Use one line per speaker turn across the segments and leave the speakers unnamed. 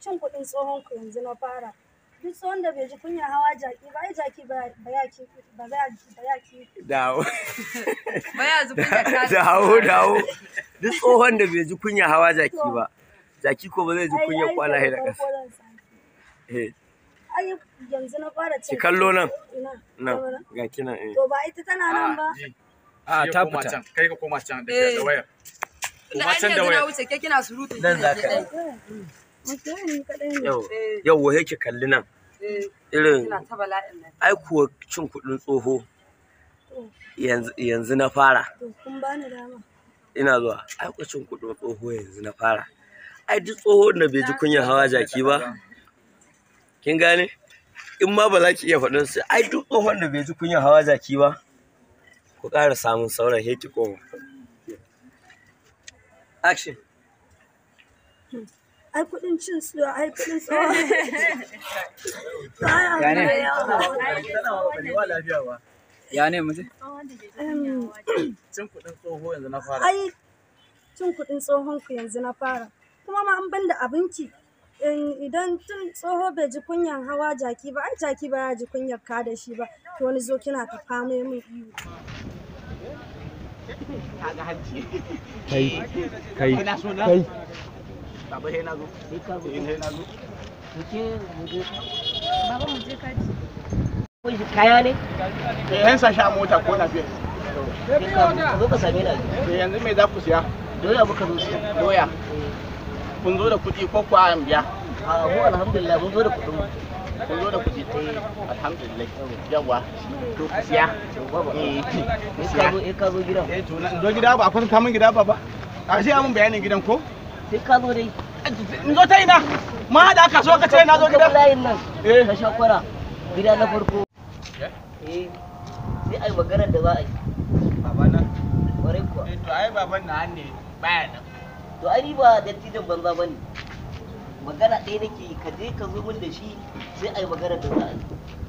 cin kuɗin tsohon ku yanzu na fara duk tsohon da bai ji kunya hawa jaki ba ai jaki ba ya ki ba ya ki dawo ba ya zubi da dawo dawo duk tsohon da bai ji kunya hawa jaki ba jaki ko ba zai ji kunya kwana hira ƙasa eh ai yanzu na fara cin ki kallo nan nan ga kinan eh to ba ita tana nan ah, ba ah, a ta fita kai ka koma can da eh. wayar kuma can da wayar kina surutu nan zaka yau eh. yake kalli nan eh. irin ai kuwa cin kuɗin tsoho yanzu na fara ina zuwa ai kuwa cin kuɗin tsoho yanzu na fara ai duk tsoho na bai ji kunyar hawa jaki ba kin gane in ma ba za ki iya faɗin su ai duk tsohon da bai ji kunyar hawa jaki ba ku ƙara samun sauran heki koma action hmm. ai kudin cin su ai kudin su ya ne mutum cin kudin tsoho yanzu na fara ai cin kudin tsohon ku yanzu na fara kuma ma an ban da abinci idan tun tsoho bai ji kunyan hawa jaki ba ai jaki ba ya ji kunyar ka da shi ba to wani zo kina ka kame min iyo kai kai kai Baba he na zo. In he na zo. Baba mu je kaji. Kun shi kaya ne? yan sasha mota ko lafiya. Zo ka same ni. Eh yanzu me za ku siya? Doya muka zo siya. Doya. Kun zo da kuɗi ko kuwa an biya? A mu alhamdulillah mun zo da kuɗin mu. kun zo da kuɗi alhamdulillah yawa to ku siya eh ku siya eh ka zo gidan eh to zo gida ba kun kamun gida ba ba a sai amun bayanin gidan ko sai ka zo dai in zo ta ina ma hada ka so ka ce na zo gida Ka layin nan eh. ka sha kwara gida na farko eh sai ai magana da za a yi baba na kwarai kuwa eh, to ai baban na ne baya nan to ai ni ba dattijan banza ba ne. magana ɗaya nake ka je ka zo min da shi sai a yi maganar da za a yi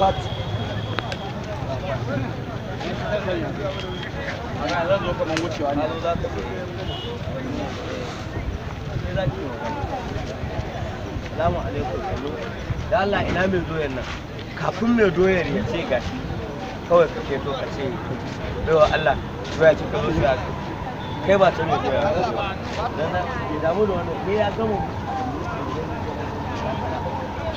What? Salamu da Allah ina mai doyar nan kafin mai doyar ya ce kawai ka keto ka ce Allah doya ce ka kai ba ta mai doya dan da damu da ne ya gama